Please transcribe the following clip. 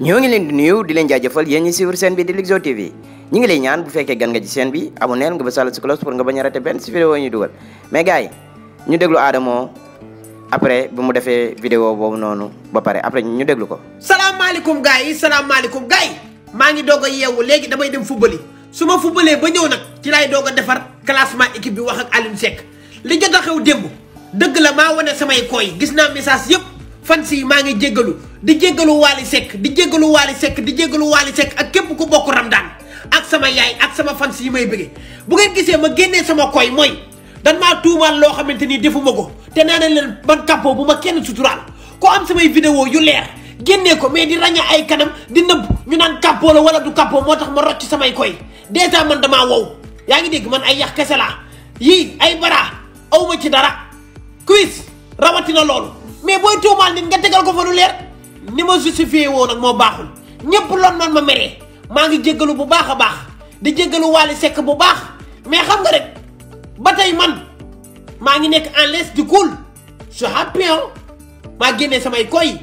ñoo ngi leen di nuyu di leen jaajëfal yéen ñi suivre seen bi di Likzo ngi lay ñaan bu fekkee gan nga ci seen bi aboneel nga ba sàll si cloche pour nga bañ a raté benn si vidéo ñuy dugal ñu déglu Adamo après bi mu defee vidéo boobu noonu ba pare après ñu déglu ko salaamaaleykum gars yi salaamaaleykum gars yi maa ngi doog a yeewu léegi damay dem fubali su ma fubalee ba ñëw nag ci laay doog a defar classement équipe bi wax ak Alioune Seck li jot a xew démb dëgg la maa wane samay kooy gis naa message yëpp fan si maa ngi jéggalu di jéggalu Waly di jéggalu Waly Seck di jéggalu Waly Seck ak képp ku bokk Ramadan ak sama yaay ak sama fan si yi may bëggee bu ngeen gisee ma génnee sama koy mooy dan maa tuumaal loo xamante ni defuma ko te nee na leen man kàppoo bu ma kenn suturaal ko am samay vidéo yu leer génnee ko mais di ràññee ay kanam di nëbb ñu naan kàppoo la wala du kàppoo moo tax ma rocc samay koy dèjà man damaa wow yaa ngi dégg man ay yax kese laa yii ay bara awma ci dara quiz rawatina loolu mais booy tuumaal nit nga tegal ko fa lu leer ni ma justifié woo nag moo baaxul ñëpp loon man ma meree maa ngi jéggalu bu baax a baax di jéggalu Wally sekk bu baax mais xam nga rek ba tey man maa ngi nekk en l'aise di cool je suis happy maa génnee samay koy